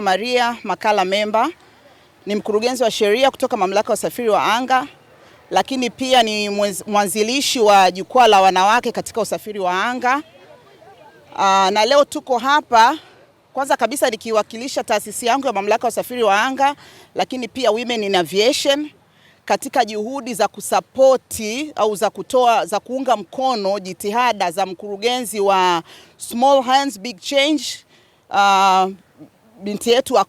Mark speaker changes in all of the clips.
Speaker 1: Maria Makala Memba ni mkurugenzi wa sheria kutoka Mamlaka ya Usafiri wa Anga, lakini pia ni mwanzilishi wa Jukwaa la Wanawake katika Usafiri wa Anga. Aa, ah, na leo tuko hapa kwanza kabisa nikiwakilisha taasisi yangu ya Mamlaka ya Usafiri wa Anga, lakini pia Women in Aviation katika juhudi za kusapoti au za kutoa za kuunga mkono jitihada za mkurugenzi wa Small Hands Big Change uh, binti yetu wa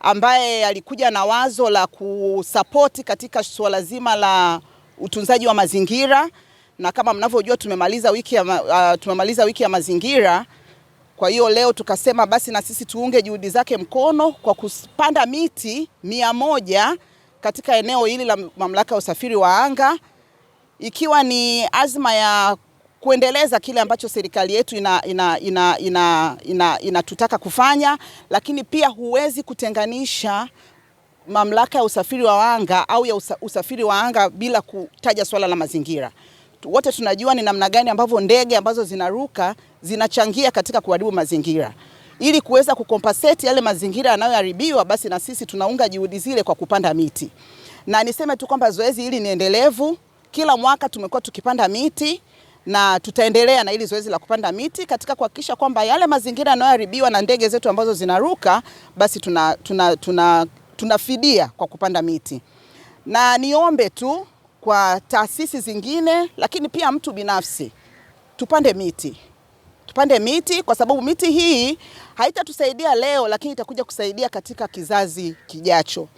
Speaker 1: ambaye alikuja na wazo la kusapoti katika suala zima la utunzaji wa mazingira, na kama mnavyojua tumemaliza wiki ya, uh, tumemaliza wiki ya mazingira. Kwa hiyo leo tukasema basi na sisi tuunge juhudi zake mkono kwa kupanda miti mia moja katika eneo hili la mamlaka ya usafiri wa anga, ikiwa ni azma ya kuendeleza kile ambacho serikali yetu inatutaka ina, ina, ina, ina, ina kufanya, lakini pia huwezi kutenganisha mamlaka ya usafiri wa anga au ya usafiri wa anga bila kutaja swala la mazingira. Wote tunajua ni namna gani ambavyo ndege ambazo zinaruka zinachangia katika kuharibu mazingira. Ili kuweza kukompaseti yale mazingira yanayoharibiwa, basi na sisi tunaunga juhudi zile kwa kupanda miti, na niseme tu kwamba zoezi hili ni endelevu. Kila mwaka tumekuwa tukipanda miti na tutaendelea na hili zoezi la kupanda miti katika kuhakikisha kwamba yale mazingira yanayoharibiwa na ndege zetu ambazo zinaruka basi tuna, tuna, tuna, tunafidia kwa kupanda miti. Na niombe tu kwa taasisi zingine, lakini pia mtu binafsi, tupande miti tupande miti kwa sababu miti hii haitatusaidia leo, lakini itakuja kusaidia katika kizazi kijacho.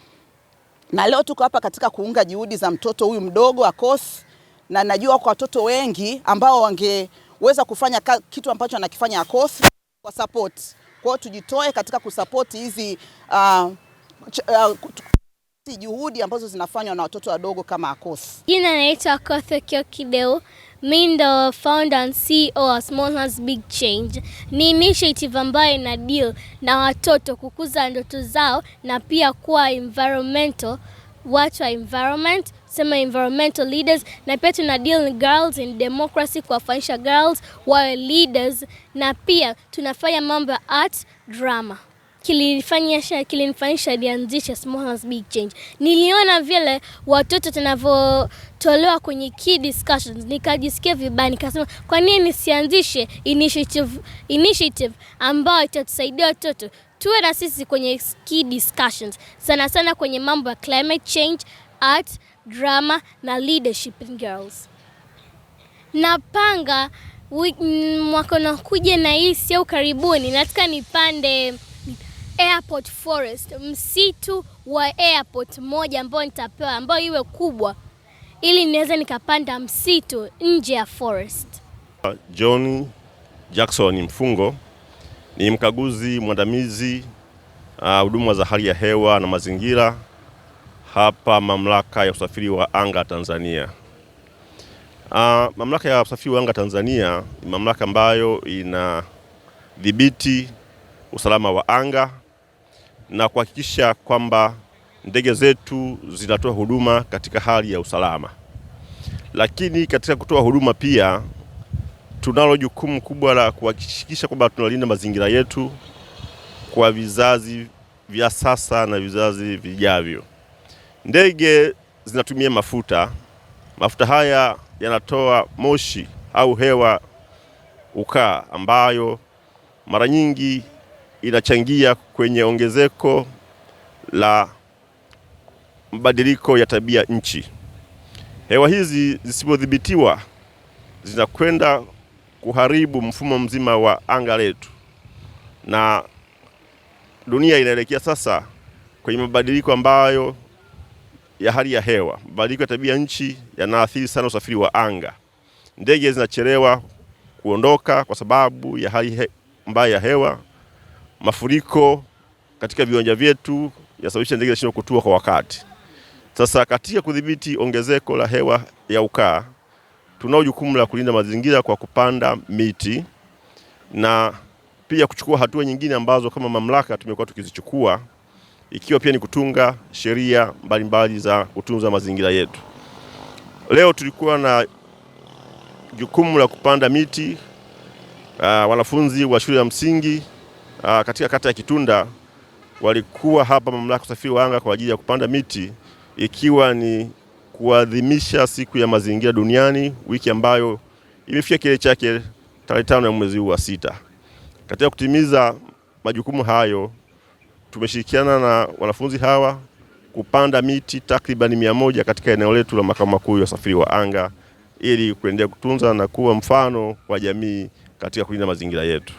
Speaker 1: Na leo tuko hapa katika kuunga juhudi za mtoto huyu mdogo Akosi na najua kwa watoto wengi ambao wangeweza kufanya kitu ambacho anakifanya akosi kwa support. Kwa hiyo tujitoe katika kusapoti hizi uh, uh, juhudi ambazo zinafanywa na watoto wadogo kama Akosi.
Speaker 2: Jina naitwa Kothe Kio Mimi ndo founder and CEO wa Small Hands Big Change. Ni initiative ambayo ina deal na watoto kukuza ndoto zao na pia kuwa environmental watu wa environment, sema environmental leaders, na pia tuna deal girls in democracy, kuwafanyisha girls wawe leaders, na pia tunafanya mambo ya art drama. Kilinifanyisha kilinifanyisha nianzishe Small Hands Big Change. Niliona vile watoto tunavyotolewa kwenye key discussions, nikajisikia vibaya, nikasema kwa nini nisianzishe initiative, initiative ambayo itatusaidia watoto tuwe na sisi kwenye key discussions, sana sana kwenye mambo ya climate change, art, drama na leadership in girls. Napanga mwaka unakuja na hii au karibuni, nataka nipande airport forest, msitu wa airport moja ambao nitapewa, ambayo iwe kubwa, ili niweze nikapanda msitu nje ya forest.
Speaker 3: John Jackson Mfungo ni mkaguzi mwandamizi ah, huduma uh, za hali ya hewa na mazingira hapa Mamlaka ya Usafiri wa Anga Tanzania. Uh, Mamlaka ya Usafiri wa Anga Tanzania ni mamlaka ambayo inadhibiti usalama wa anga na kuhakikisha kwamba ndege zetu zinatoa huduma katika hali ya usalama. Lakini katika kutoa huduma pia tunalo jukumu kubwa la kuhakikisha kwamba tunalinda mazingira yetu kwa vizazi vya sasa na vizazi vijavyo. Ndege zinatumia mafuta. Mafuta haya yanatoa moshi au hewa ukaa, ambayo mara nyingi inachangia kwenye ongezeko la mabadiliko ya tabia nchi. Hewa hizi zisipodhibitiwa zinakwenda kuharibu mfumo mzima wa anga letu, na dunia inaelekea sasa kwenye mabadiliko ambayo ya hali ya hewa. Mabadiliko ya tabia nchi yanaathiri sana usafiri wa anga. Ndege zinachelewa kuondoka kwa sababu ya hali mbaya ya hewa. Mafuriko katika viwanja vyetu yasababisha ndege zinashindwa kutua kwa wakati. Sasa katika kudhibiti ongezeko la hewa ya ukaa tunao jukumu la kulinda mazingira kwa kupanda miti na pia kuchukua hatua nyingine ambazo kama mamlaka tumekuwa tukizichukua ikiwa pia ni kutunga sheria mbalimbali za kutunza mazingira yetu. Leo tulikuwa na jukumu la kupanda miti uh, wanafunzi wa shule ya msingi uh, katika kata ya Kitunda walikuwa hapa mamlaka usafiri wa anga kwa ajili ya kupanda miti ikiwa ni kuadhimisha siku ya mazingira duniani, wiki ambayo imefikia kilele chake tarehe tano ya mwezi huu wa sita. Katika kutimiza majukumu hayo, tumeshirikiana na wanafunzi hawa kupanda miti takribani mia moja katika eneo letu la makao makuu ya usafiri wa anga ili kuendelea kutunza na kuwa mfano kwa jamii katika kulinda mazingira yetu.